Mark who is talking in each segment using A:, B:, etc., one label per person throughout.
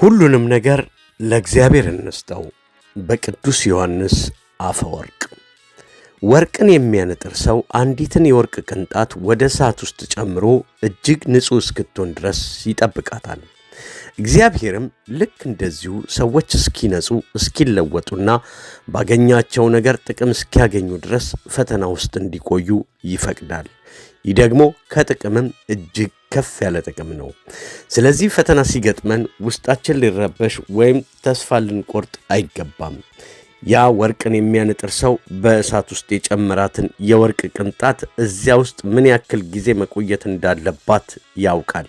A: ሁሉንም ነገር ለእግዚአብሔር እንስጠው። በቅዱስ ዮሐንስ አፈወርቅ። ወርቅን የሚያነጥር ሰው አንዲትን የወርቅ ቅንጣት ወደ እሳት ውስጥ ጨምሮ እጅግ ንጹሕ እስክትሆን ድረስ ይጠብቃታል። እግዚአብሔርም ልክ እንደዚሁ ሰዎች እስኪነጹ እስኪለወጡና ባገኛቸው ነገር ጥቅም እስኪያገኙ ድረስ ፈተና ውስጥ እንዲቆዩ ይፈቅዳል። ይህ ደግሞ ከጥቅምም እጅግ ከፍ ያለ ጥቅም ነው። ስለዚህ ፈተና ሲገጥመን ውስጣችን ሊረበሽ ወይም ተስፋ ልንቆርጥ አይገባም። ያ ወርቅን የሚያነጥር ሰው በእሳት ውስጥ የጨመራትን የወርቅ ቅንጣት እዚያ ውስጥ ምን ያክል ጊዜ መቆየት እንዳለባት ያውቃል።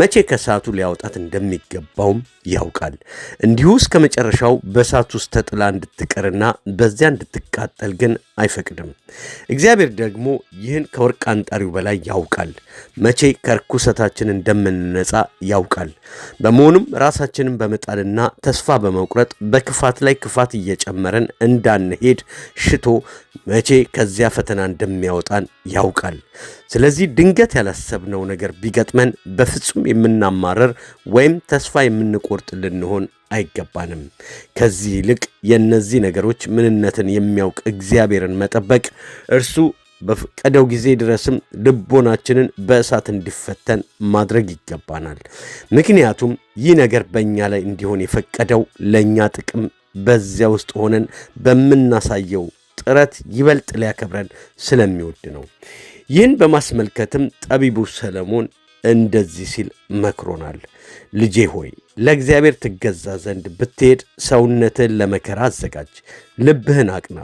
A: መቼ ከእሳቱ ሊያወጣት እንደሚገባውም ያውቃል። እንዲሁ እስከ መጨረሻው በእሳት ውስጥ ተጥላ እንድትቀርና በዚያ እንድትቃጠል ግን አይፈቅድም። እግዚአብሔር ደግሞ ይህን ከወርቅ አንጣሪው በላይ ያውቃል። መቼ ከርኩሰታችን እንደምንነጻ ያውቃል። በመሆኑም ራሳችንን በመጣልና ተስፋ በመቁረጥ በክፋት ላይ ክፋት እየጨመረን እንዳንሄድ ሽቶ መቼ ከዚያ ፈተና እንደሚያወጣን ያውቃል። ስለዚህ ድንገት ያላሰብነው ነገር ቢገጥመን በፍጹም የምናማረር ወይም ተስፋ የምንቆርጥ ልንሆን አይገባንም። ከዚህ ይልቅ የእነዚህ ነገሮች ምንነትን የሚያውቅ እግዚአብሔርን መጠበቅ እርሱ በፈቀደው ጊዜ ድረስም ልቦናችንን በእሳት እንዲፈተን ማድረግ ይገባናል። ምክንያቱም ይህ ነገር በእኛ ላይ እንዲሆን የፈቀደው ለእኛ ጥቅም በዚያ ውስጥ ሆነን በምናሳየው ጥረት ይበልጥ ሊያከብረን ስለሚወድ ነው። ይህን በማስመልከትም ጠቢቡ ሰለሞን እንደዚህ ሲል መክሮናል። ልጄ ሆይ ለእግዚአብሔር ትገዛ ዘንድ ብትሄድ ሰውነትህን ለመከራ አዘጋጅ፣ ልብህን አቅና፣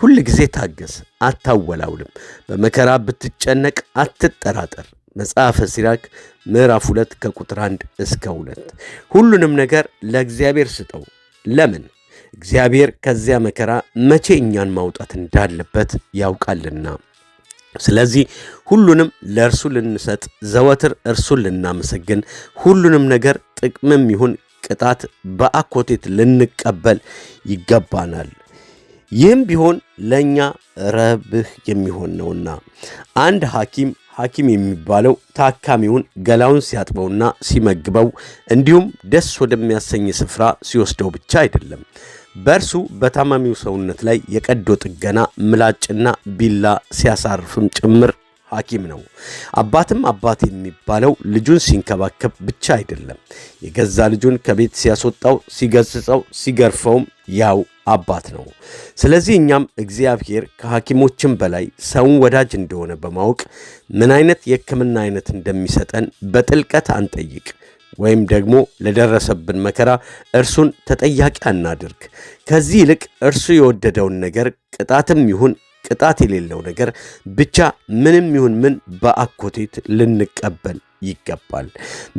A: ሁል ጊዜ ታገስ፣ አታወላውልም። በመከራ ብትጨነቅ አትጠራጠር። መጽሐፈ ሲራክ ምዕራፍ 2 ከቁጥር 1 እስከ 2። ሁሉንም ነገር ለእግዚአብሔር ስጠው። ለምን? እግዚአብሔር ከዚያ መከራ መቼ እኛን ማውጣት እንዳለበት ያውቃልና ስለዚህ ሁሉንም ለእርሱ ልንሰጥ ዘወትር እርሱን ልናመሰግን ሁሉንም ነገር ጥቅምም ይሁን ቅጣት በአኮቴት ልንቀበል ይገባናል። ይህም ቢሆን ለእኛ ረብህ የሚሆን ነውና አንድ ሐኪም ሐኪም የሚባለው ታካሚውን ገላውን ሲያጥበውና ሲመግበው እንዲሁም ደስ ወደሚያሰኝ ስፍራ ሲወስደው ብቻ አይደለም። በእርሱ በታማሚው ሰውነት ላይ የቀዶ ጥገና ምላጭና ቢላ ሲያሳርፍም ጭምር ሐኪም ነው። አባትም አባት የሚባለው ልጁን ሲንከባከብ ብቻ አይደለም። የገዛ ልጁን ከቤት ሲያስወጣው፣ ሲገስጸው፣ ሲገርፈውም ያው አባት ነው። ስለዚህ እኛም እግዚአብሔር ከሐኪሞችም በላይ ሰውን ወዳጅ እንደሆነ በማወቅ ምን አይነት የሕክምና አይነት እንደሚሰጠን በጥልቀት አንጠይቅ ወይም ደግሞ ለደረሰብን መከራ እርሱን ተጠያቂ አናድርግ። ከዚህ ይልቅ እርሱ የወደደውን ነገር ቅጣትም ይሁን ቅጣት የሌለው ነገር ብቻ ምንም ይሁን ምን በአኮቴት ልንቀበል ይገባል።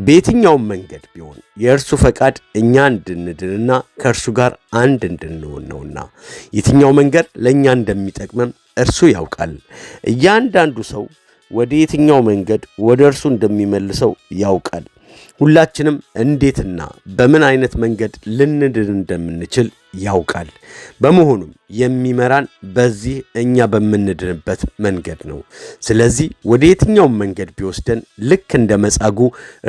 A: በየትኛውም መንገድ ቢሆን የእርሱ ፈቃድ እኛ እንድንድንና ከእርሱ ጋር አንድ እንድንሆን ነውና የትኛው መንገድ ለእኛ እንደሚጠቅመን እርሱ ያውቃል። እያንዳንዱ ሰው ወደ የትኛው መንገድ ወደ እርሱ እንደሚመልሰው ያውቃል። ሁላችንም እንዴትና በምን አይነት መንገድ ልንድን እንደምንችል ያውቃል። በመሆኑም የሚመራን በዚህ እኛ በምንድንበት መንገድ ነው። ስለዚህ ወደ የትኛውም መንገድ ቢወስደን ልክ እንደ መጻጉ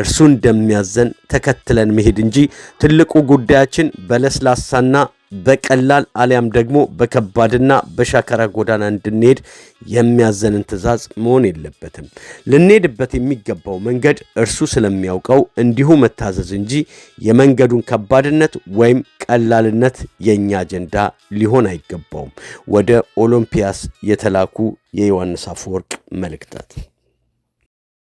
A: እርሱ እንደሚያዘን ተከትለን መሄድ እንጂ ትልቁ ጉዳያችን በለስላሳና በቀላል አሊያም ደግሞ በከባድና በሻከራ ጎዳና እንድንሄድ የሚያዘንን ትእዛዝ መሆን የለበትም። ልንሄድበት የሚገባው መንገድ እርሱ ስለሚያውቀው እንዲሁ መታዘዝ እንጂ የመንገዱን ከባድነት ወይም ቀላልነት የእኛ አጀንዳ ሊሆን አይገባም። አይገባውም። ወደ ኦሎምፒያስ የተላኩ የዮሐንስ አፈወርቅ መልእክታት